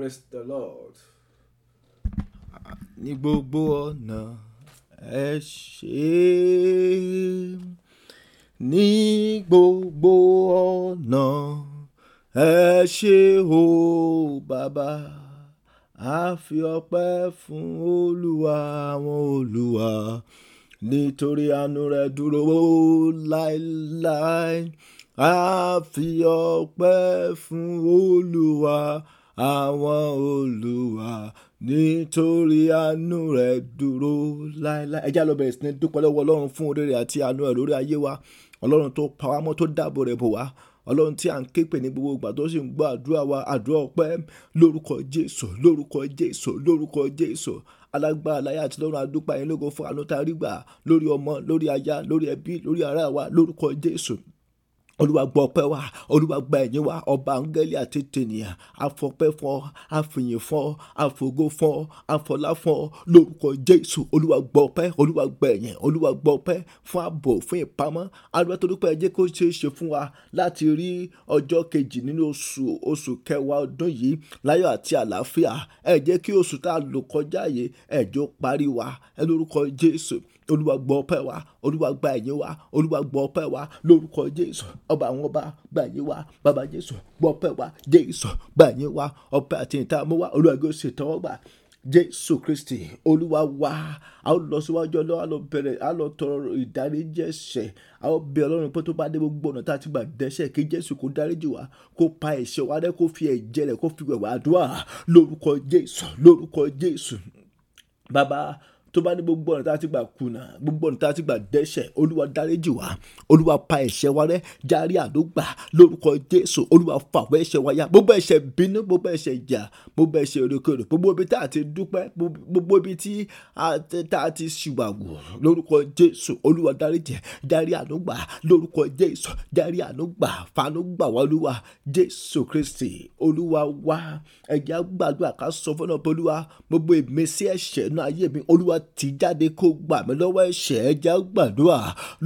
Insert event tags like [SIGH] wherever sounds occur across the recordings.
Praise the Lord. Ní gbogbo ọ̀nà ẹ ṣé ní gbogbo ọ̀nà ẹ ṣé o bàbá a fi ọpẹ́ fún Olúwa àwọn Olúwa nítorí àánú rẹ̀ dúró láéláé a fi ọpẹ́ fún Olúwa àwọn olùwà nítorí àánú rẹ̀ dúró láéláé ẹjá lọ bẹ̀rẹ̀ sí ní dúpẹ́ lọ́wọ́ ọlọ́run fún oore rẹ̀ àti àánú rẹ̀ lórí ayé wa ọlọ́run tó pa wá mọ́ tó dáàbò rẹ̀ bò wá ọlọ́run tí à ń ké pè ní gbogbo ìgbà tó sì ń gbọ́ àdúrà wa àdúrà ọpẹ́ lórúkọ jésù lórúkọ jésù lórúkọ jésù alágbára láyé àti lọ́run adúpẹ́ yẹn lógo fún àánú tá a rí gbà lórí ọmọ lórí aya lórí ẹbí lórí ará wa lórúkọ jésù olúwa gbọ́ ọpẹ́ wa olúwa gba ẹ̀yìn wa ọba áńgẹ́lì àti tènìyàn afọpẹ́ fún ọ àfìyìn fún ọ àfògo fún ọ àfọlá fún ọ lórúkọ jésù olúwa gbọ́ ọpẹ́ olúwa gba ẹ̀yìn olúwa gbọ́ ọpẹ́ fún ààbò fún ìpamọ́ alúwa tó dúpẹ́ ẹjẹ́ kó ṣeé ṣe fún wa láti rí ọjọ́ kejì nínú oṣù oṣù kẹwàá ọdún yìí láyọ̀ àti àlàáfíà ẹ kí oṣù tá a lò kọjá yìí ẹjọ́ parí wa ẹ lórúkọ jésù olúwa gbọ́ ọpẹ́ wa olúwa gba ẹ̀yìn wa olúwa gbọ́ ọpẹ́ wa lórúkọ jésù ọba àwọn ọba gba ẹ̀yìn wa bàbá jésù gbọ́ ọpẹ́ wa jésù gba ẹ̀yìn wa ọpẹ́ àti ìtààmú wa olúwa gbé oṣù tọwọ́ gbà jésù kristi olúwa wa a ó lọ síwájú ọlọ́wà lọ bẹ̀rẹ̀ a lọ tọrọ ìdáríjì ẹ̀ṣẹ̀ a ó bẹ ọlọ́run pé tó bá dé gbogbo ọ̀nà tá a ti gbà dẹ́ṣẹ̀ kí jésù kó dáríjì wá kó pa ẹ̀ṣẹ̀ wa rẹ́ kó fi ẹ̀jẹ̀ rẹ̀ kó fi wẹ̀wẹ̀ àdúrà lórúkọ jésù lórúkọ jésù bàbá tó bá ní gbogbo ọ̀nà tá a ti gbà kùnà gbogbo ọ̀nà tá a ti gbà dẹ́ṣẹ̀ olúwa dáríjì wá olúwa pa ẹ̀ṣẹ̀ wa rẹ́ járí àdógbà lórúkọ jésù olúwa fàwọ́ ẹ̀ṣẹ̀ wa ya gbogbo ẹ̀ṣẹ̀ bínú gbogbo ẹ̀ṣẹ̀ ìjà gbogbo ẹ̀ṣẹ̀ òdòkòdò gbogbo ibi tá a ti dúpẹ́ gbogbo ibi tí a ti ṣìwàwò lórúkọ jésù olúwa dáríjì járí àdógbà lórúkọ jésù járí àdógbà fanúgbà wá olúwa jésù kristi olúwa wá ẹ̀jẹ̀ gbàdúrà ká sọ fọ́nà olúwa ti jáde kó gbà mí lọ́wọ́ ẹ̀ṣẹ̀ ẹja gbàdúrà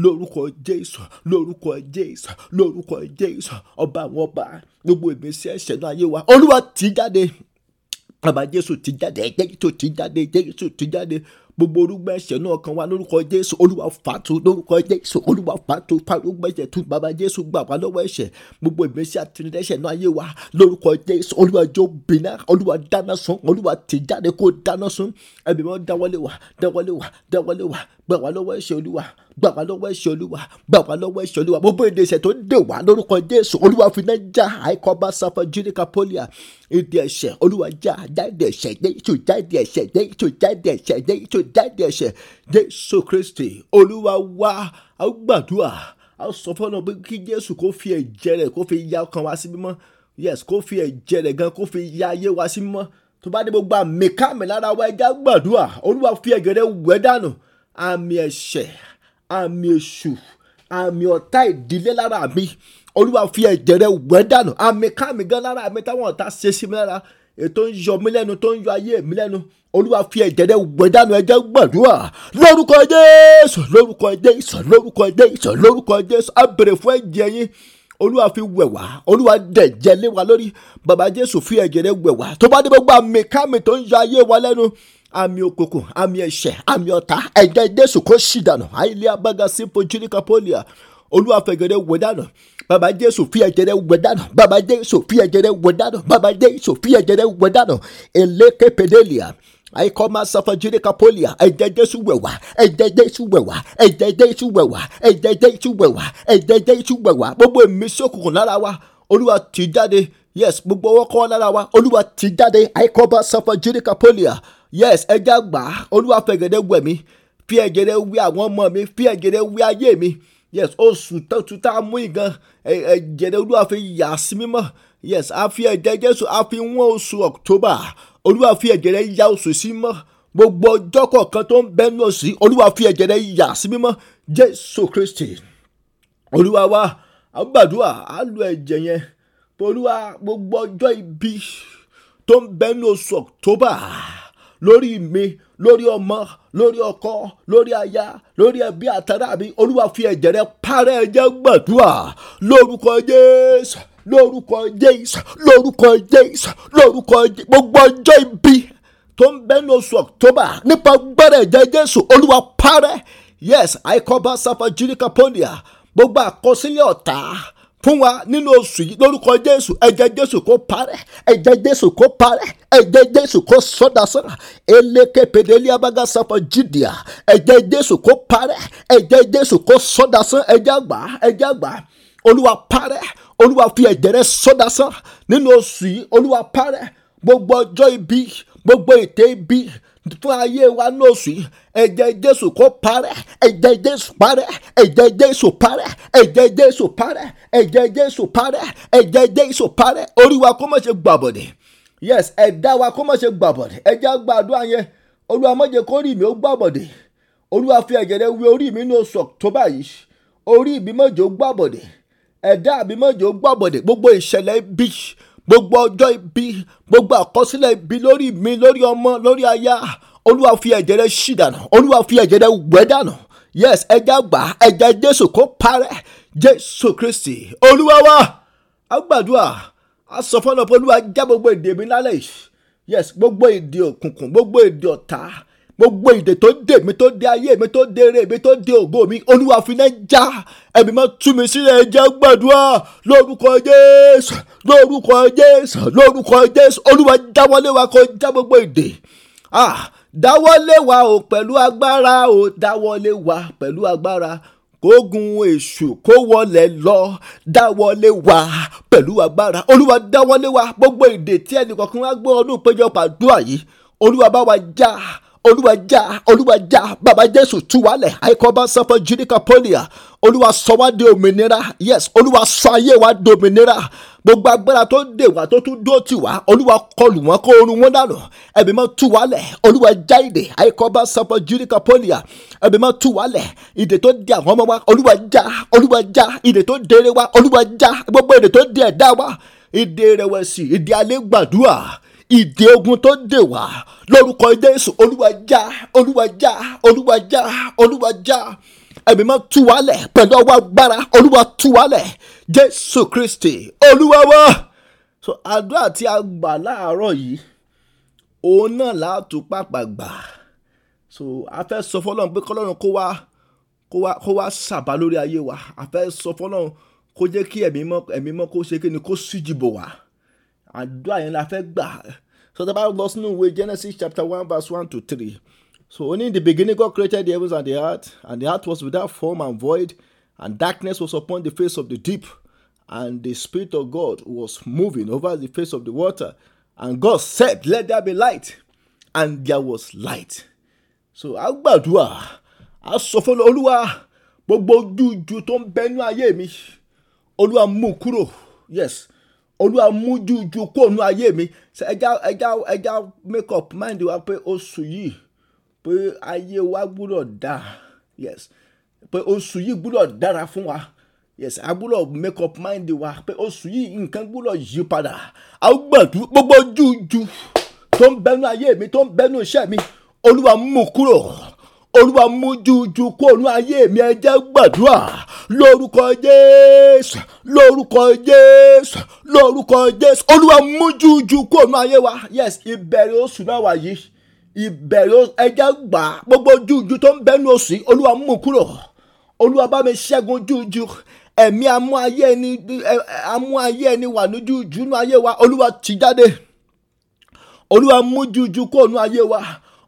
lórúkọ jésù lórúkọ jésù lórúkọ jésù ọba àwọn ọba gbogbo ìgbésí ẹ̀ṣẹ̀ náà ayé wa olúwa ti jáde bàbá jésù ti jáde jésù ti jáde jésù ti jáde gbogbo orúgbó ẹ̀ṣẹ̀ náà kan wá lórúkọ jésù olúwa fàtú lórúkọ jésù olúwa fàtú parúgbó ẹ̀ṣẹ̀ tún bàbá jésù gbà wá lọ́wọ́ ẹ̀ṣẹ̀ gbogbo ìgbésí àtìrẹsẹ̀ náà ayé wa lórúkọ jésù olúwa jó bìnná olúwa dáná sun olúwa tìjáde kó dáná sun ẹbí wọn dáwọ́lé wa dáwọ́lé wa dáwọ́lé wa gbà wá lọ́wọ́ ẹ̀ṣẹ̀ olúwa gbà wá lọ́wọ́ ẹ̀ṣẹ̀ olúwa gbà wá lọ́wọ́ ẹ̀ṣẹ̀ olúwa gbogbo èdè ẹ̀ṣẹ̀ tó ń dè wá lórúkọ jésù olúwa fi náà já àìkọ́bá sáfà jíríkà pólíà èdè ẹ̀ṣẹ̀ olúwa já jáde ẹ̀ṣẹ̀ jésù jáde ẹ̀ṣẹ̀ jésù jáde ẹ̀ṣẹ̀ jésù jáde ẹ̀ṣẹ̀ jésù kristi olúwa wá a gbàdúrà a sọ fọ́nà pé kí jésù kó fi ẹ̀jẹ̀ rẹ̀ kó fi ya ọkàn wa sí mímọ́ yes kó fi ẹ̀jẹ̀ rẹ̀ gan kó fi ya ayé wa sí mímọ́ tó bá dé gbogbo àmì káàmì lára wa ẹja gbàdúrà olúwa fi ẹ̀jẹ̀ rẹ̀ wẹ̀ dànù àmì ẹ̀ṣẹ̀ àmì èṣù àmì ọ̀tá ìdílé lára mi olúwa fi ẹ̀jẹ̀ rẹ wẹ̀ dànù àmì kámi gan lára mi táwọn ọ̀tá ṣe sí mi lára ètò ń yọ mí lẹ́nu tó ń yọ ayé mi lẹ́nu olúwa fi ẹ̀jẹ̀ rẹ wẹ̀ dànù ẹ̀jẹ̀ gbàdúrà lórúkọ jésù lórúkọ jésù lórúkọ jésù lórúkọ jésù á bèrè fún ẹ̀jẹ̀ yín olúwa fi wẹ̀ wá olúwa dẹ̀jẹ̀ lé wa lórí bàbá jésù fi ẹ̀jẹ̀ rẹ wẹ̀ wá tó bá dé gbogbo àmì kámi tó ń yọ ayé wa lẹ́nu àmì òkùnkùn àmì ẹ̀ṣẹ̀ àmì ọ̀tá ẹ̀jẹ̀ jésù kò ṣì dànù àìlè abágasí pojúríkà pólíà olúwa fẹ̀gẹ̀dẹ̀ wẹ̀ dànù bàbá jésù fi ẹ̀jẹ̀ rẹ̀ wẹ̀ dànù bàbá jésù fi ẹ̀jẹ̀ rẹ̀ wẹ̀ dànù bàbá jésù fi ẹ̀jẹ̀ rẹ̀ wẹ̀ dànù eléke pèdélìà àìkọ́ máa sàfàjírí kapólìà ẹ̀jẹ̀ jésù wẹ̀ wá ẹ̀jẹ̀ jésù wẹ̀ wá ẹ̀jẹ̀ jésù wẹ̀ wá ẹ̀jẹ̀ jésù wẹ̀ wá ẹ̀jẹ̀ jésù wẹ̀ wá gbogbo èmi sókùnkùn lára wa olúwa tì í jáde yes gbogbo ọwọ́ kọ́ lára wa olúwa tì í jáde àìkọ́ máa sàfàjírí kapólìà yes ẹja gbà á olúwa fẹ̀gẹ̀dẹ̀ wẹ̀ mi. fi ẹ̀gẹ̀dẹ̀ wẹ̀ àwọn ọmọ mi fi ẹ̀gẹ̀dẹ̀ wẹ̀ ayé mi yes oṣù tuntun tá a mú ìgan ẹ̀gẹ̀dẹ̀ olúwa fi yà á sí mímọ́ yes a fi ẹ̀jẹ̀ jésù a fi wọ́n oṣù october olúwa fi ẹ̀gẹ̀dẹ̀ ya oṣù sí mímọ́ gbogbo ọjọ́ kọ̀ọ̀kan tó ń bẹ́nu òsì olúwa fi ẹ̀jẹ̀ rẹ̀ yà sí mímọ́ jésù kristi olúwa wa à ń gbàdúrà á lo ẹ̀jẹ̀ yẹn olúwa gbogbo ọjọ́ ibi tó ń bẹ́nu oṣù october lórí mi lórí ọmọ lórí ọkọ lórí aya lórí ẹbí àtàrà mi olúwa fi ẹ̀jẹ̀ rẹ parẹ́ ẹ̀jẹ̀ gbàdúrà lórúkọ jésù lórúkọ jésù lórúkọ jésù lórúkọ jésù gbogbo ọjọ́ ibi tó ń bẹ́ẹ̀ ní oṣù october nípa gbọ́dọ̀ ẹ̀jẹ̀ jésù olúwa parẹ́ yes àìkọ́bá sáfà jíríkà pọ́nìyà gbogbo àkọsílẹ̀ ọ̀tá fún wa nínú oṣù yìí lórúkọ jésù ẹ̀jẹ̀ jésù kó parẹ́ ẹ̀jẹ̀ jésù kó parẹ́ ẹ̀jẹ̀ jésù kó sọdasọra elekepedeli abaga sapọ jidia ẹ̀jẹ̀ jésù kó parẹ́ ẹ̀jẹ̀ jésù kó sọdasọ ẹ̀jẹ̀ àgbà ẹ̀jẹ̀ àgbà olúwa parẹ́ olúwa fi ẹ̀jẹ̀ rẹ̀ sọdasọ nínú oṣù yìí olúwa parẹ́ gbogbo ọjọ́ ibi gbogbo ète ibi fún ayé wa lóṣù yìí ẹ̀jẹ̀ jésù kó parẹ́ ẹ̀jẹ̀ jésù parẹ́ ẹ̀jẹ̀ jésù parẹ́ ẹ̀jẹ̀ jésù parẹ́ ẹ̀jẹ̀ jésù parẹ́ ẹ̀jẹ̀ jésù parẹ́ orí wa kó má ṣe gbàbọ̀dẹ̀ yes ẹ̀dá wa kó má ṣe gbàbọ̀dẹ̀ ẹ̀jẹ̀ gbàdúrà yẹn olúwa má jẹ́ kó rí mi ó gbàbọ̀dẹ̀ olúwa fi ẹ̀jẹ̀ rẹ wí orí mi ní oṣù october yìí orí mi má jẹ́ ó gbàbọ̀dẹ̀ ẹ̀dá mi má ó gbàbọ̀dẹ̀ gbogbo ìṣẹ̀lẹ̀ bíi gbogbo ọjọ́ ibi gbogbo àkọsílẹ̀ ibi lórí mi lórí ọmọ lórí aya olúwa fi ẹ̀jẹ̀ rẹ̀ ṣì dànù olúwa fi ẹ̀jẹ̀ rẹ̀ wẹ̀ dànù yes ẹja gbà ẹja jésù kó parẹ́ jésù kristi olúwa wa agbàdúrà asọ̀fọ́nà olúwa já gbogbo èdè mi lálẹ́ yìí yes gbogbo èdè òkùnkùn gbogbo èdè ọ̀tá gbogbo ìdè tó dè mí tó dè ayé mi tó dè eré mi tó dè ògo mi olúwa fi náà já ẹ̀mí máa tú mi sílẹ̀ ẹ jẹ́ gbàdúrà lórúkọ jésù lórúkọ jésù lórúkọ jésù olúwa dáwọ́lé wa kó já gbogbo ìdè dáwọ́lé wa o pẹ̀lú agbára o dáwọ́lé wa pẹ̀lú agbára kógun èṣù kó wọlé lọ dáwọlé wa pẹ̀lú agbára olúwa dáwọlé wa gbogbo èdè tí ẹnìkọ̀ọ̀kan wá gbọ́ ọdún péjọpọ̀ àdúrà yìí olúwa bá wa já olúwa já olúwa já bàbá jésù tú wa lẹ̀ àìkọ́bá sanfọ judika polia olúwa sọ wá di òmìnira yes olúwa sọ ayé wa di òmìnira gbogbo agbára tó dè wá tó tún dó tì wá olúwa kọlù wọn kó orun wọn dànù ẹ̀mí mọ́ tú wa lẹ̀ já ìdè àìkọ́bá sanfọ judika polia ẹ̀mí mọ́ tú wa ìdè tó di àwọn ọmọ wa olúwa já olúwa já ìdè tó dèrè wa olúwa já gbogbo ìdè tó di ẹ̀dá wa ìdè rẹ̀wẹ̀sì ìdè alẹ́ gbàdúrà ìdè ogun tó dè wá lórúkọ Jésù olúwa já olúwa já olúwa já olúwa já ẹ̀mí máa tú wa lẹ̀ pẹ̀lú ọwọ́ agbára olúwa tú wa lẹ̀ Jésù Kristi olúwa wá. so àdúrà tí a gbà láàárọ̀ yìí òun náà láàtú pàpà gbà so a fẹ́ sọ fọlọ́run pé kọ́lọ́run kó wá kó wá kó wá sàbà lórí ayé wa a fẹ́ sọ fọlọ́run kó jẹ́ kí ẹ̀mí mọ́ ẹ̀mí mọ́ kó ṣe kí ni kó síjìbò wá. àdúrà yẹn la fẹ́ gbà so tá a bá lọ sínú ìwé Genesis chapter one verse one to three so only in the beginning God created the heavens and the earth and the earth was without form and void and darkness was upon the face of the deep and the spirit of God was moving over the face of the water and God said let there be light and there was light so a gbàdúrà a sọ fún olúwa gbogbo ojú ju tó ń bẹnu ayé mi olúwa mú kúrò yes olúwa mújújú kóònù ayé mi ẹja ẹja ẹja make up mind wa pé oṣù yìí pé ayé wa gbúdọ̀ dà yes pé oṣù yìí gbúdọ̀ dára fún wa yes a gbúdọ̀ make up mind wa pé oṣù yìí nǹkan gbúdọ̀ yí padà a gbọ̀dú gbogbo jújú tó ń bẹnu ayé mi tó ń bẹnu iṣẹ́ mi olúwa mú kúrò olúwa mú jújú kóònù ayé mi ẹ jẹ́ gbàdúrà lórúkọ jésù lórúkọ jésù lórúkọ jésù olúwa mú jújú kó nu ayé wa yes ìbẹ̀rẹ̀ oṣù náà wà yìí ìbẹ̀rẹ̀ ẹjẹ́ gbà gbogbo jújú tó ń bẹ́nu oṣù yìí olúwa mú kúrò olúwa bá mi ṣẹ́gun jújú ẹ̀mí amú ayé ẹni amú ayé ẹni wà ní jújú nu ayé wa olúwa ti jáde olúwa mú jújú kó nu ayé wa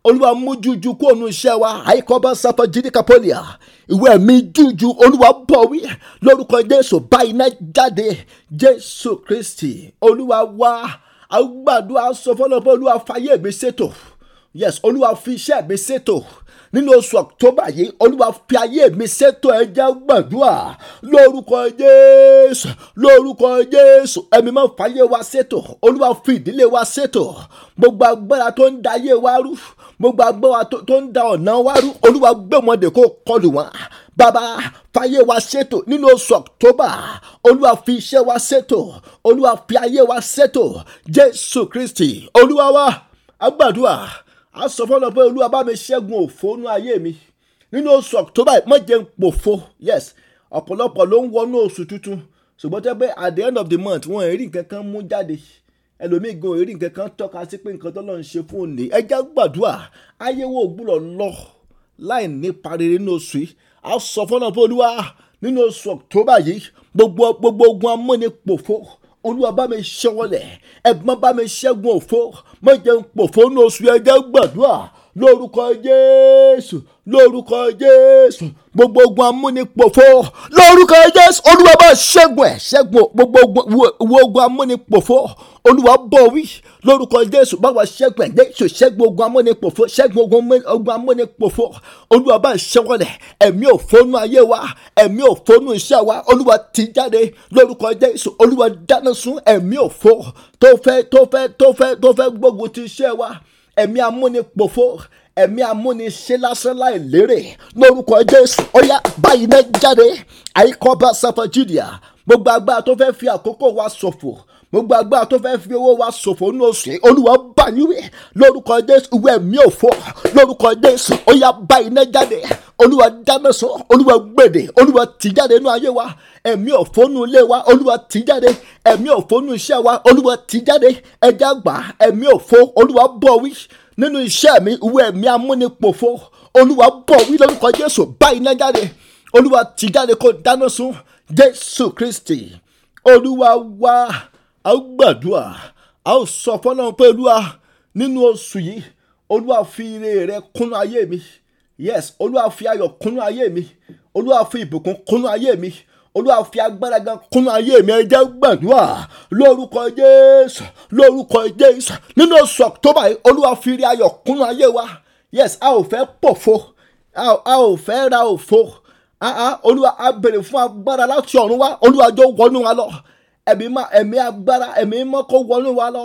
olúwa mú jújú kó nu iṣẹ́ wa àìkọ́bọ̀ sáfọ́ jìdíkàpọ́lìà ìwé ẹ̀mí jújú olúwa bọ̀wí lórúkọ jésù báyìí náà jáde jésù kristi olúwa wá àgbàdo àsọfọlọpọ olúwa fàyè mi ṣètò yes olúwa fi iṣẹ́ mi ṣètò nínú oṣù october yìí olúwa fi ayé mi ṣètò ẹ gbàdúrà lórúkọ jésù lórúkọ jésù ẹ̀mí máa fàyè wa ṣètò olúwa fi ìdílé wa ṣètò gbogbo agbára tó ń da ayé wa rú gbogbo agbára tó ń da ọ̀nà wa rú olúwa gbé kó kọlù wọn bàbá fàyè wa ṣètò nínú oṣù october olúwa fi iṣẹ́ wa ṣètò olúwa fi ayé wa ṣètò jésù kristi olúwa wa agbàdúrà a sọ fọlọ pé olúwa bá mi ṣẹ́gun òfò nú ayé mi nínú oṣù october má jẹ́ pòfo yes ọ̀pọ̀lọpọ̀ ló ń wọnú oṣù tuntun ṣùgbọ́n tẹ́ pé at the end of the month wọn ò rí nǹkan kan mú jáde ẹlòmíì gan ò rí nǹkan kan tọ́ka sí pé nǹkan tọ́lọ́ ń ṣe fún òní ẹjẹ́ gbàdúrà ayéwo ògbúrọ̀ lọ láì ní parire nínú oṣù yìí a sọ fọlọ pé olúwa nínú oṣù october yìí gbogbo gbogbo ogun amúnipòfo olúwa bá mi ṣẹ́wọ́lẹ̀ ẹ̀gbọ́n bá mi ṣẹ́gun òfo mọ̀jẹ̀ ń pòfó ní oṣù ẹ̀jẹ̀ gbàdúrà lórúkọ jésù lórúkọ jésù gbogbo ogun amúnipòfo lórúkọ jésù olúwa bá ṣẹ́gun ẹ̀ ṣẹ́gun gbogbo ogun amúnipòfo olúwa bọ̀ wí lórúkọ jésù báwa ṣẹ́gun ẹ̀ jésù ṣẹ́gun ogun amúnipòfo ṣẹ́gun ogun amúnipòfo olúwa bá ṣẹ́gun rẹ̀ ẹ̀mí òfónú ayé wa ẹ̀mí òfónú iṣẹ́ wa olúwa ti jáde lórúkọ jésù olúwa dáná sun ẹ̀mí òfó tó fẹ́ tó fẹ́ tó fẹ́ tó fẹ́ gbógun ti iṣẹ́ wa ẹ̀mí amúnipòfo ẹ̀mí amúniṣe lásán láì lérè lórúkọ jésù ọ̀yá báyìí náà jáde àyíkọ́ bá sáfà jùdíà gbogbo agbára tó fẹ́ fi àkókò wa ṣòfò gbogbo agbára tó fẹ́ fi owó wa ṣòfò ní oṣù yìí olúwa bá níwèé lórúkọ jésù ìwé mi ò fò lórúkọ jésù ó yá bá iná jáde olúwa dámẹ́sán olúwa gbèdè olúwa tì jáde nínú ayé wa ẹ̀mí òfónú ilé wa olúwa tì jáde ẹ̀mí òfónú iṣẹ́ wa olúwa tì jáde ẹja gbà ẹ̀mí òfó olúwa bọ̀ wí nínú iṣẹ́ mi ìwé mi amúnipòfo olúwa bọ̀ wí lórúkọ jésù bá iná jáde olúwa tì jáde kó dáná sun jésù kristi olúwa wá. Wa a ó gbàdúrà a ó sọ fọ́nà pé olúwa nínú oṣù yìí olúwa fi ire rẹ kúnú ayé mi yes olúwa fi ayọ̀ kúnú ayé mi olúwa fi ìbùkún kúnú ayé mi olúwa fi agbára gan kúnú ayé mi ẹ jẹ́ gbàdúrà lórúkọ jésù lórúkọ jésù nínú oṣù october yìí olúwa fi ire ayọ̀ kúnú ayé wa yes a ò fẹ́ pòfo a ò fẹ́ ra òfo olúwa a béèrè fún agbára láti ọ̀run wá olúwa jọ wọnú wa lọ ẹ̀mí má ẹ̀mí agbára ẹ̀mí mọ́ kó wọnú wa lọ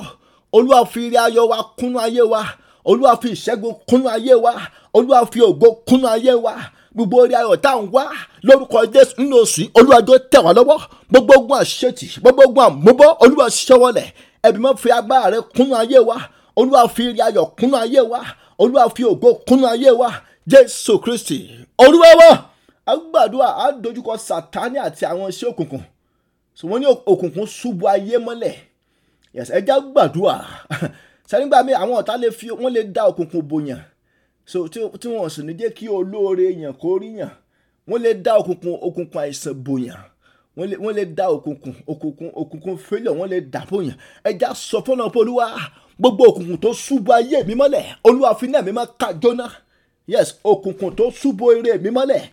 olúwa fi ire ayọ̀ wa kúnú ayé wa olúwa fi ìṣẹ́gun kúnú ayé wa olúwa fi ògo kúnú ayé wa gbogbo orí ayọ̀ tá à ń wá lórúkọ jésù nínú oṣù olúwa tó tẹ̀ wá lọ́wọ́ gbogbo ogun àṣetì gbogbo ogun àmúbọ́ olúwa ṣọwọ́lẹ̀ ẹ̀mí mọ́ fi agbára rẹ kúnú ayé wa olúwa fi ire ayọ̀ kúnú ayé wa olúwa fi ògo kúnú ayé wa jésù kristi olúwa wa agbàdúrà á dojúkọ sàtánì àti àwọn iṣẹ́ òkùnkùn so wọ́n ní òkùnkùn ṣubú ayé mọ́lẹ̀ yẹsẹ̀ ẹja gbàdúrà sẹ́nìgbà [LAUGHS] mi àwọn ọ̀tá lè fi wọ́n lè da òkùnkùn bòyàn so tí wọ́n sì ní jẹ́ kí olóore yàn kó rí yàn wọ́n lè da òkùnkùn òkùnkùn àìsàn bòyàn wọ́n lè da òkùnkùn òkùnkùn òkùnkùn fẹ́lẹ̀ wọ́n lè dà bòyàn ẹja sọ fọ́nà pé olúwa gbogbo òkùnkùn tó ṣubú ayé mi mọ́lẹ̀ olúwa fi náà mi máa ká jóná yes òkùnkùn tó ṣubú eré mi mọ́lẹ̀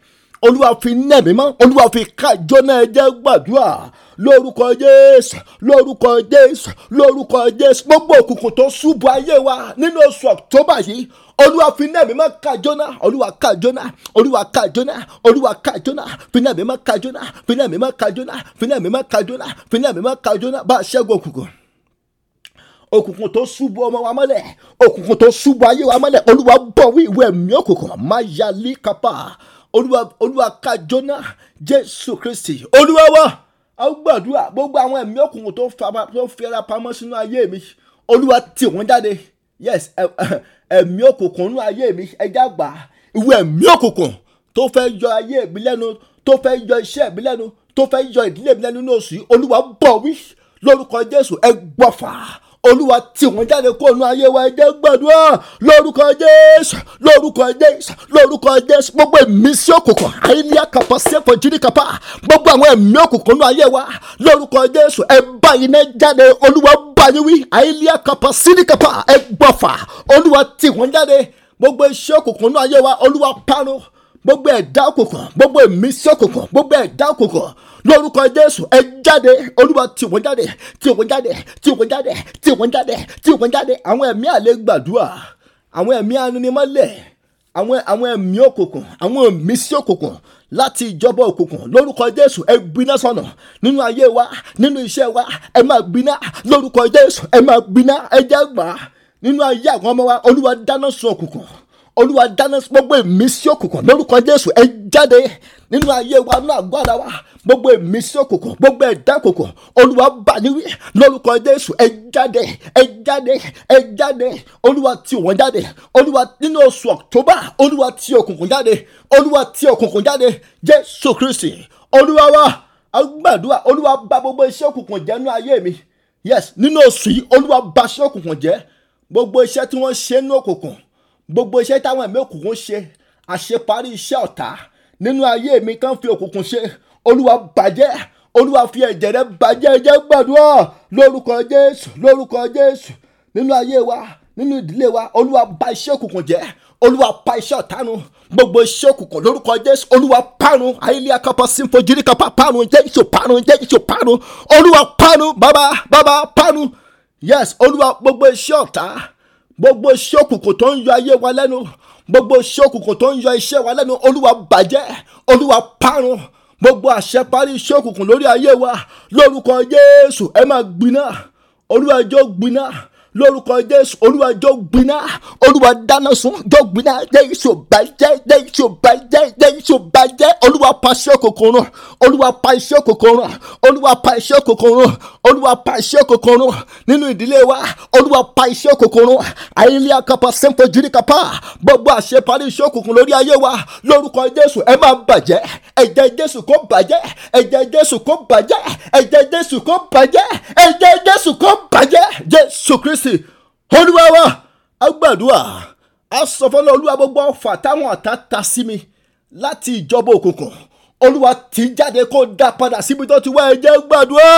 olúwa fi nẹ̀mí mọ́ olúwa fi ká jóná ẹjẹ́ gbàdúrà lórúkọ jésù lórúkọ jésù lórúkọ jésù gbogbo òkùnkùn tó ṣubú ayé wa nínú oṣù ọ̀tọ́bà yìí olúwa fi náà mi máa ka jóná olúwa ka jóná olúwa ka jóná olúwa ka jóná fi náà mi máa ka jóná fi náà mi máa ka jóná fi náà mi máa ka jóná fi náà mi máa ka bá a ṣẹ́gun òkùnkùn òkùnkùn tó ṣubú ọmọ wa mọ́lẹ̀ òkùnkùn tó ṣubú ayé wa mọ́lẹ̀ olúwa bọ̀ wí ìwé òkùnkùn máa yálé kápá olúwa olúwa ká jóná jésù kristi olúwa wa a gbàdúrà gbogbo àwọn ẹ̀mí òkùnkùn tó fi ara pamọ́ sínú ayé mi olúwa tì wọ́n jáde yes ẹ̀mí òkùnkùn nínú ayé mi ẹja gbà ìwé ẹ̀mí òkùnkùn tó fẹ́ yọ ayé mi lẹ́nu tó fẹ́ yọ iṣẹ́ mi lẹ́nu tó fẹ́ yọ ìdílé mi lẹ́nu ní oṣù olúwa bọ̀ wí lórúkọ jésù ẹ gbọ́fà olúwa tì wọ́n jáde kó nu ayé wa ẹ jẹ́ gbàdúrà lórúkọ jésù lórúkọ jésù lórúkọ jésù gbogbo ẹ̀mí sí òkùnkùn àìlíà kàpá sẹ́fọ̀ jírí kàpá gbogbo àwọn ẹ̀mí òkùnkùn nu ayé wa lórúkọ jésù ẹ báyìí náà jáde olúwa báyìí wí àìlíà kàpá sírí kàpá ẹ gbọ̀fà olúwa tì wọ́n jáde gbogbo iṣẹ́ òkùnkùn nu ayé wa olúwa parun gbogbo ẹ̀dá òkùnkùn gbogbo ìmísí òkùnkùn gbogbo ẹ̀dá òkùnkùn lórúkọ jésù ẹ jáde olúwa tì wọ́n jáde tì wọ́n jáde tì wọ́n jáde tì wọ́n jáde tì wọ́n jáde àwọn ẹ̀mí àlè gbàdúrà àwọn ẹ̀mí anúnimọ́lẹ̀ àwọn àwọn ẹ̀mí òkùnkùn àwọn ìmísí òkùnkùn láti ìjọba òkùnkùn lórúkọ jésù ẹ gbiná sọnà nínú ayé wa nínú iṣẹ́ wa ẹ máa gbiná lórúkọ jésù ẹ máa gbiná ẹ jẹ́ gbà nínú ayé àwọn ọmọ wa olúwa dáná sun òkùnkùn olúwa dáná gbogbo ìmísí òkùnkùn lórúkọ jésù ẹ jáde nínú ayé wa náà gbọ́dọ̀ wa gbogbo ìmísí òkùnkùn gbogbo ẹ̀dá òkùnkùn olúwa bá níwí lórúkọ jésù ẹ jáde ẹ jáde ẹ jáde olúwa tì wọ́n jáde olúwa nínú oṣù ọ̀tọ́bà olúwa tì òkùnkùn jáde olúwa tì òkùnkùn jáde jésù kristi olúwa wa agbàdúrà olúwa bà gbogbo iṣẹ́ òkùnkùn jẹ́ nínú ayé mi yes nínú oṣù yìí olúwa bà iṣẹ́ òkùnkùn jẹ́ gbogbo iṣẹ́ tí wọ́n ṣe nínú òkùnkùn gbogbo iṣẹ́ táwọn ẹ̀mí òkùnkùn ṣe àṣeparí iṣẹ́ ọ̀tá nínú ayé mi kan fi òkùnkùn ṣe olúwa bàjẹ́ olúwa fi ẹ̀jẹ̀ rẹ bàjẹ́ ẹ̀jẹ̀ gbàdúrà lórúkọ jésù lórúkọ jésù nínú ayé wa nínú ìdílé wa olúwa bà iṣẹ́ òkùnkùn jẹ́ olúwa pa iṣẹ́ ọ̀tánu gbogbo iṣẹ́ òkùnkùn lórúkọ jésù olúwa parun ayílẹ̀ akọ́pọ̀ sínfò jíríkọ́pọ̀ parun jésù parun jésù parun olúwa parun bàbá bàbá parun yes olúwa gbogbo iṣẹ́ ọ̀tá gbogbo iṣẹ́ òkùnkùn tó ń yọ ayé wa lẹ́nu gbogbo iṣẹ́ òkùnkùn tó ń yọ iṣẹ́ wa lẹ́nu olúwa bàjẹ́ olúwa parun gbogbo àṣẹ parí iṣẹ́ òkùnkùn lórí ayé wa lórúkọ Jésù ẹ máa gbiná olúwa jọ gbiná lórúkọ jésù olúwa jọ gbiná olúwa dáná sun jọ gbiná jésù bàjẹ́ jésù bàjẹ́ jésù bàjẹ́ olúwa pa iṣẹ́ òkùnkùn run olúwa pa iṣẹ́ òkùnkùn run olúwa pa iṣẹ́ òkùnkùn run olúwa pa iṣẹ́ òkùnkùn run nínú ìdílé wa olúwa pa iṣẹ́ òkùnkùn run àyílẹ̀ akapa sẹ́ńpọ̀ jírí kapa gbogbo àṣẹ parí iṣẹ́ òkùnkùn lórí ayé wa lórúkọ jésù ẹ máa bàjẹ́ ẹ̀jẹ̀ jésù kó bàjẹ́ ẹ̀jẹ̀ jésù kó bàjẹ́ ẹ̀jẹ̀ jésù kó bàjẹ́ ẹ̀jẹ̀ jésù kó bàjẹ́ jésù kristi sí olúwa wa a gbàdúrà a sọ fọlọ́ olúwa gbogbo ọ̀fà táwọn ọ̀tá ta sí mi láti ìjọba òkùnkùn olúwa tí jáde kó dá padà síbi tó ti wá ẹjẹ gbàdúrà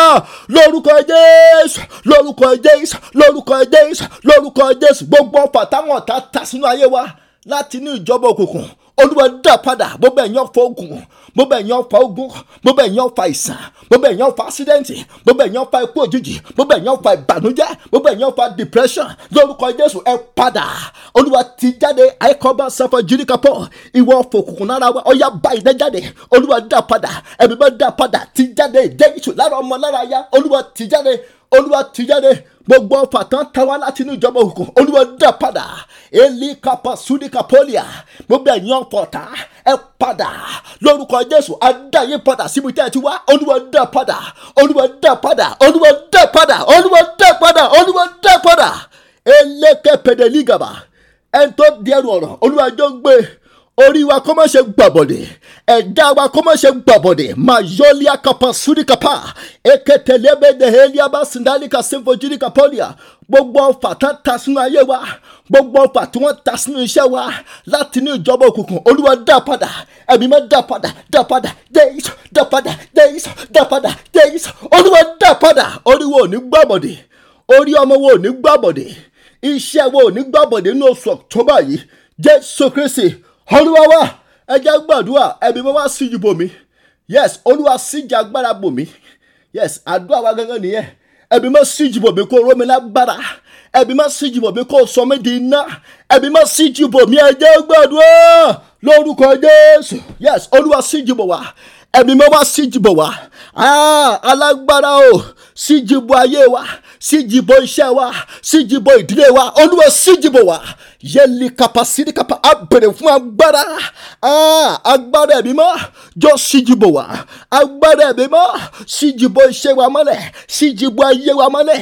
lórúkọ jésù lórúkọ jésù lórúkọ jésù lórúkọ jésù gbogbo ọ̀fà táwọn ọ̀tá ta sínú ayé wa láti inú ìjọba òkùnkùn olúwa dá padà bó bẹ́ẹ̀ yàn fa ogun bó bẹ́ẹ̀ yàn fa ogun bó bẹ́ẹ̀ yàn fa ìsàn bó bẹ́ẹ̀ fa accident bó bẹ́ẹ̀ fa ikú òjijì bó bẹ́ẹ̀ fa ìbànújẹ́ bó bẹ́ẹ̀ fa depression lórúkọ jésù ẹ padà olúwa ti jáde àìkọ́bá sẹ́fọ̀ jíríkàpọ̀ ìwọ fòkùnkùn lára wa ọ̀yà báyìí dẹ́ jáde olúwa dá padà ẹ̀mí bá dá padà ti jáde ìjẹ́ ìṣù lára ọmọ lára ya olúwa ti jáde olúwa ti jáde gbogbo ọfà tán táwa láti inú ìjọba òkùnkùn olúwa padà eli kapa sudi kapolia gbogbo ẹ̀yin ọ̀pọ̀ta ẹ padà lórúkọ jésù adáyé padà síbi tẹ́ ẹ ti wá olúwa dá padà olúwa dá padà olúwa dá padà olúwa padà olúwa padà elékè pèdè ẹni tó di ẹrù ọ̀rọ̀ olúwa gbé orí wa kó má ṣe gbàbọ̀dẹ̀ ẹ̀dá wa kó má ṣe gbàbọ̀dẹ̀ mayolia kapa surikapa eketelebede eliaba sindalika sinfojirika polia gbogbo ọfà tán ta sínú ayé wa gbogbo ọfà tí wọ́n ta sínú iṣẹ́ wa láti ní ìjọba òkùnkùn olúwa dá padà ẹ̀mí mọ́ dá padà dá padà dé ìsọ̀ dá padà dé ìsọ̀ dá padà dé ìsọ̀ olúwa dá padà orí wa ní gbàbọ̀dẹ̀ orí ọmọ wa ní gbàbọ̀dẹ̀ iṣẹ́ wa ní gbàbọ̀dẹ̀ nínú oṣù October olúwa wa ẹja gbàdúrà ẹbí mo wá síjú bò mí yes olúwa síjà agbára bò yes àdúrà wa gángan nìyẹn ẹbí má síjú bò mí kó ró mi lágbára ẹbí má síjú bò mí kó sọ di iná ẹbí má síjú bò mí ẹjẹ gbàdúrà lórúkọ jésù yes olúwa síjú bò wá ẹ̀mí mọ́ wá sí ìjìbọ̀ wá alágbára o sí ìjìbọ̀ ayé wa sí ìjìbọ̀ iṣẹ́ wa sí ìjìbọ̀ ìdílé wa olúwa sí ìjìbọ̀ wá yẹli kapasiri kapa a bẹ̀rẹ̀ fún agbára agbára ẹ̀mí mọ́ jọ síjìbò wá agbára ẹ̀mí mọ́ síjìbò iṣẹ́ wa mọ́lẹ̀ síjìbò ayé wa mọ́lẹ̀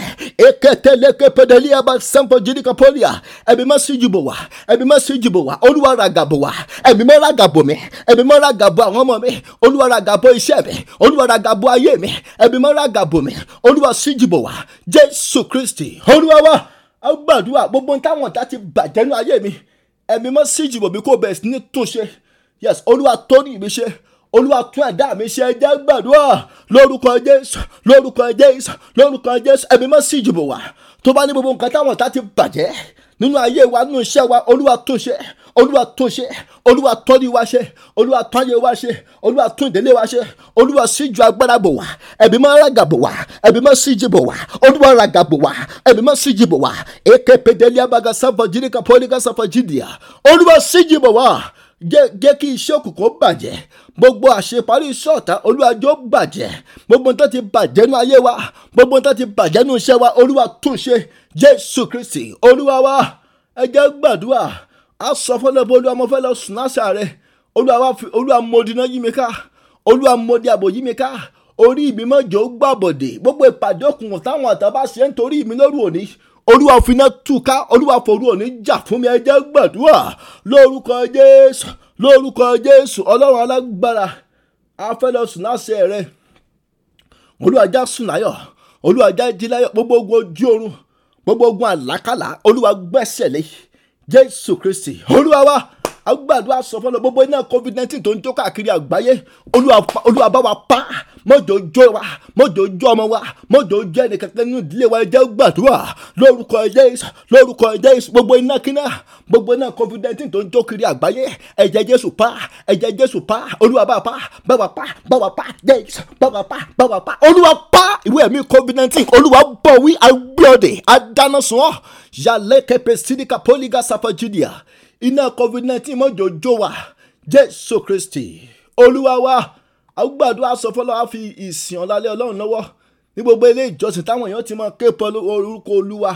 eketelekepe pẹ̀dẹ̀lì ẹ̀ bá sẹ́ńpọ̀ jírí kan pọ́lìà ẹ̀mí mọ́ síjìbò wá ẹ̀mí mọ́ síjìbò wá olúwa ragàbò wá ẹ̀mí mọ́ ragàbò mi ẹ̀mí mọ́ ragàbò àwọn ọmọ mi olúwa ragàbò iṣẹ́ mi olúwa ragàbò ayé mi ẹ̀mí mọ́ ragàbò mi olúwa síjìbò wá jésù kristi olúwa wá a gbàdúrà gbogbo ní táwọn ìta ti bàjẹ́ nínú ayé mi ẹ̀mí mọ́ sí ìjìbò mi kò bẹ̀rẹ̀ sí ní túnṣe yes olúwa tó ní mi ṣe olúwa tún ẹ̀dá mi ṣe ẹjẹ́ gbàdúrà lórúkọ jésù lórúkọ jésù lórúkọ jésù ẹ̀mí mọ́ sí ìjìbò wa tó bá ní gbogbo nǹkan táwọn ìta ti bàjẹ́ nínú ayé wa nínú iṣẹ́ wa olúwa túnṣe olúwa tó ṣe olúwa tó ní wá ṣe olúwa tó ayé wá ṣe olúwa tó ìdílé wa, ṣe olúwa síjú agbára bò wá ẹ̀bí máa ràgà bò wá ẹ̀bí máa síjì bò wá olúwa ràgà bò wá ẹ̀bí máa síjì bò wá èké pédélé abaga sáfà jírí kan pọ́lí kan sáfà jídìá olúwa síjì bò wá jẹ́ kí iṣẹ́ òkùnkùn bàjẹ́ gbogbo àṣeparí iṣẹ́ ọ̀tá olúwàjọ́ bàjẹ́ gbogbo nǹkan ti bàjẹ́ nú ayé wa gbogbo nǹkan ti bàjẹ́ nú iṣẹ́ wa olúwa túnṣe jésù kristi olúwa wa ẹ jẹ́ gbàdúrà á sọ fọlọ́bù olúwa mo fẹ́ lọ sùn láṣà rẹ olúwa mo dìná yí mi ká olúwa mo di àbò yí mi ká orí mi mọ́jọ́ gbàbọ̀dé gbogbo ìpàdé òkùnkùn táwọn àtàbá ṣe ń torí mi lóru òní olúwa òfinà túká olúwa fòru òní jà fún mi ẹ jẹ́ gbàdúrà lórúkọ jésù lórúkọ jésù ọlọ́run alágbára afẹ́lọ́sùn láṣẹ rẹ olúwa já sùn láyọ̀ olúwa já jí láyọ̀ gbogbo ogun ojú oorun gbogbo ogun àlákàlà olúwa gbẹ́sẹ̀ lé jésù kristi olúwa wa agbàdúrà sọ fọlọ gbogbo iná covid nineteen tó ń jó káàkiri àgbáyé olúwa bá wa pa mọ́jọ́jọ́ wa mọ́jọ́jọ́ ọmọ wa mọ́jọ́jọ́ ẹnìkankan nínú ìdílé wa jẹ́ gbàdúrà lórúkọ jésù lórúkọ jésù gbogbo iná kíná gbogbo iná covid nineteen tó ń jó kiri àgbáyé ẹ̀jẹ̀ jésù pa ẹ̀jẹ̀ jésù pa olúwa bá pa bá wa pa bá wa pa jésù bá wa pa bá wa pa olúwa pa ìwé ẹ̀mí covid nineteen olúwa bọ̀ wí agbọ́dẹ̀ adáná sùn ọ́ yàlẹ́kẹ̀pẹ̀ sídìkà pọ́lígà sàfàjìdìà iná covid-19 mọ́jọ́jọ́ wa jésù kristi olúwa wa àgbàdua sọ fọlọ́wà fi ìsìn ọ̀làlẹ́ ọlọ́run lọ́wọ́ ní gbogbo ilé ìjọsìn táwọn èèyàn ti máa ké pọ̀ orúkọ olúwa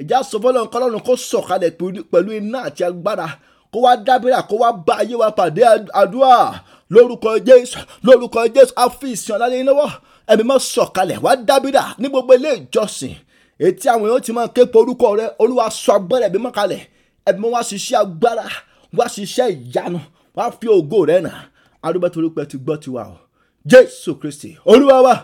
ẹ̀já sọ fọlọ́run kọ́lọ́run kó sọ̀kalẹ̀ pẹ̀lú iná àti agbára kó wá dábìrà kó wá bá ayé wa pàdé àdúrà lórúkọ jésù lórúkọ jésù àfi ìsìn ọ̀làlẹ́ lọ́wọ́ ẹ̀mí mọ́ sọ̀kalẹ̀ wá dábìrà ní gbogbo ilé ìjọsìn etí àwọn yóò ti máa ké pe orúkọ rẹ olúwa sọ agbára ẹ̀mí mọ́ kalẹ̀ ẹ̀mí wá ṣiṣẹ́ agbára wá ṣiṣẹ́ ìyanu wá fi ògo rẹ̀ nà arúgbó torí pé ti gbọ́ tiwa o jésù kristi olúwa wa.